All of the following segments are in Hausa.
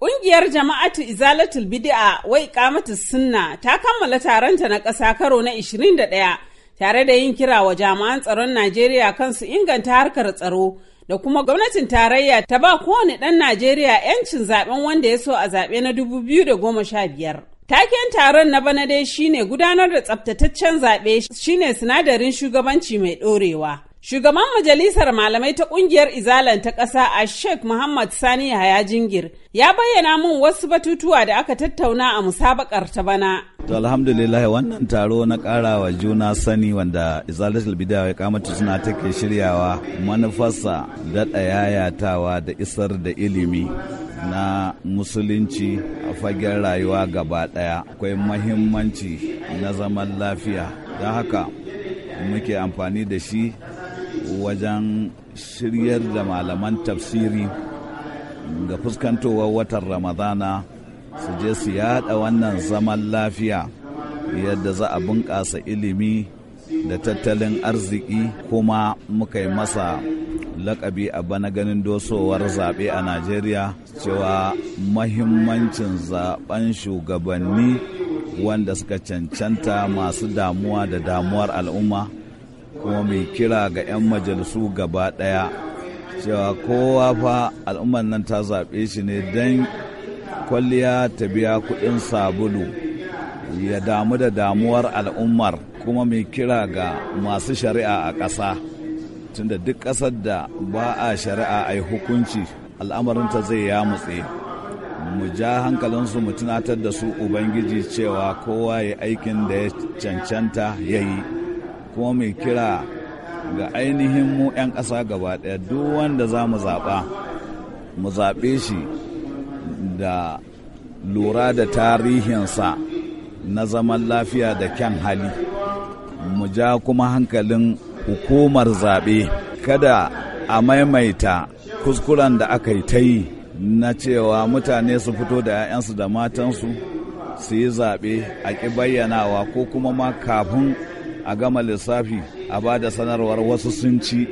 Ƙungiyar Jama'atu Izalatul Bidi'a, wai kamatu sunna ta kammala taronta na ƙasa karo na 21 tare da yin kira wa jami'an tsaron Najeriya kansu inganta harkar tsaro da kuma gwamnatin tarayya ta ba kowane ɗan Najeriya 'yancin zaben wanda ya so a zaɓe na 2015. Taken taron na bana dai shine gudanar da tsaftataccen zaɓe shine sinadarin shugabanci mai ɗorewa. Shugaban Majalisar Malamai ta ƙungiyar Izalan ta ƙasa a Sheikh Muhammad Sani Yahaya Jingir ya bayyana min wasu batutuwa da aka tattauna a musabakar ta bana. To alhamdulillah wannan taro na ƙarawa juna sani wanda Izalatul Bidaya ya kamata suna take shiryawa manufarsa daɗa yayatawa da isar da ilimi na musulunci a fagen rayuwa gaba ɗaya akwai mahimmanci na zaman lafiya don haka muke amfani da shi wajen shiryar da malaman tafsiri ga fuskantowar watan ramadana su je su yada wannan zaman lafiya yadda za a bunƙasa ilimi da tattalin arziki kuma muka yi masa lakabi a bana ganin dosowar zaɓe a najeriya cewa mahimmancin zaɓen shugabanni wanda suka cancanta masu damuwa da damuwar al'umma kuma mai kira ga 'yan majalisu gaba ɗaya cewa kowa fa al'ummar nan ta zaɓe shi ne don kwalliya ta biya kuɗin sabulu ya damu da damuwar al'ummar kuma mai kira ga masu shari'a a ƙasa tunda duk ƙasar da ba a shari'a a yi hukunci al'amarinta zai yamutse mu ja hankalinsu mu tunatar da su ubangiji cewa kowa ya aikin da ya cancanta ya yi kuma mai kira ga ainihin mu 'yan ƙasa gaba ɗaya duk wanda za mu zaɓa mu zaɓe shi da lura da tarihinsa na zaman lafiya da kyan hali mu ja kuma hankalin hukumar zaɓe kada a maimaita kuskuren da aka yi ta yi na cewa mutane su fito da 'ya'yansu da matansu su yi zaɓe a ƙi bayyanawa ko kuma ma kafin a gama lissafi a ba da sanarwar wasu sun ci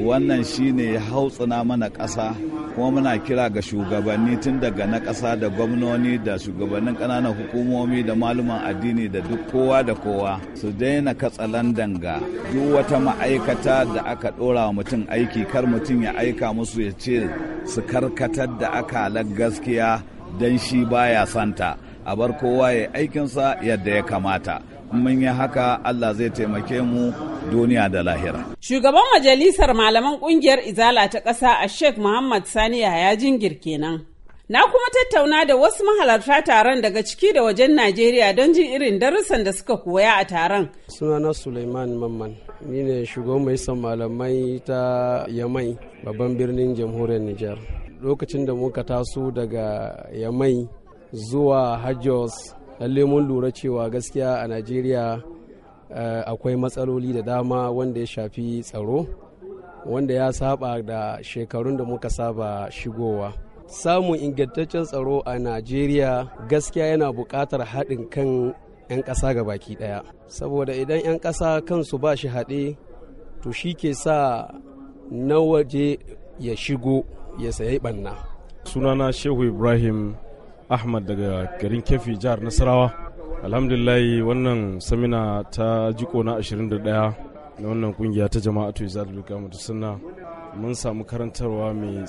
wannan shine ya hautsina mana ƙasa kuma muna kira ga shugabanni tun daga na ƙasa da gwamnoni da shugabannin ƙananan hukumomi da maluman addini da duk kowa da kowa su daina landan ga duk wata ma'aikata da aka ɗora wa mutum aiki kar mutum ya aika musu ya ce su karkatar da akalar gaskiya don shi baya santa a bar kowa ya aikinsa yadda ya kamata mun yi haka Allah zai taimake mu duniya da lahira. Shugaban majalisar malaman kungiyar Izala ta ƙasa a Sheikh Muhammad Sani ya jingir kenan. Na kuma tattauna da wasu mahalarta taron daga ciki da wajen Najeriya don jin irin darussan da suka koya a taron. Sunana Suleiman Mamman, ni ne shugaban mai son malamai ta Yamai, babban birnin jamhuriyar Nijar. Lokacin da muka taso daga Yamai zuwa Hajjos lalle mun lura cewa gaskiya a najeriya eh, akwai matsaloli da dama wanda ya shafi tsaro wanda ya saba da shekarun da muka saba shigowa samun ingantaccen tsaro a najeriya gaskiya yana buƙatar haɗin kan 'yan ƙasa ga baki ɗaya saboda idan 'yan ƙasa kansu ba shi haɗe to shi ke sa na waje ya shigo ya sayi ɓanna sunana shehu ibrahim ahmad daga garin kefi jihar nasarawa alhamdulillahi wannan samina ta jiko na 21 na wannan kungiya ta jama'a to izar sunna mun samu karantarwa mai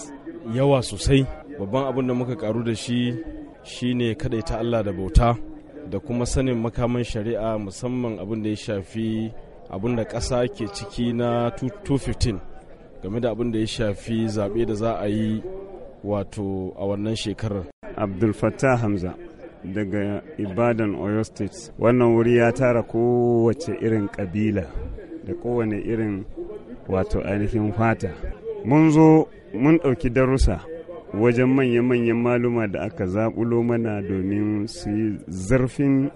yawa sosai babban abin da muka karu da shi shine ta allah da bauta da kuma sanin makaman shari'a musamman abin da ya shafi abin da ƙasa ke ciki na 215 game da abin da ya shafi zaɓe da za a yi wato a wannan shekarar. Abdul Fattah Hamza daga Ibadan Oyo State. Wannan wuri ya tara kowace irin kabila da kowane irin wato ainihin fata. Mun zo mun ɗauki darussa wajen manya-manyan maluma da aka zaɓulo mana domin su yi zarfin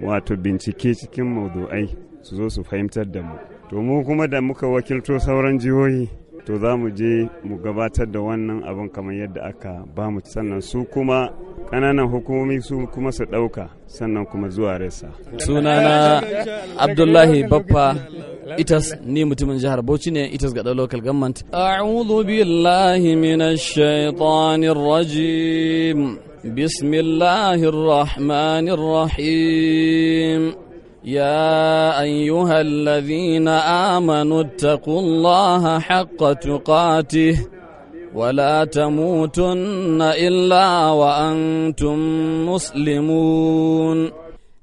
wato bincike cikin maudu'ai su zo su fahimtar da mu. To mu kuma da muka wakilto sauran jihohi to za mu je mu gabatar da wannan abin kamar yadda aka ba mu sannan su kuma ƙananan hukumomi su kuma su ɗauka sannan kuma zuwa resa sunana abdullahi baffa itas ni mutumin jihar bauchi ne itas ga local government a'udhu billahi minash shaitanir rajim bismillahir rahmanir rahim يا أيها الذين آمنوا اتقوا الله حق تقاته ولا تموتن إلا وأنتم مسلمون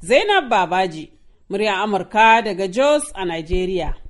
زينب باباجي murya Amurka daga Jos a Najeriya.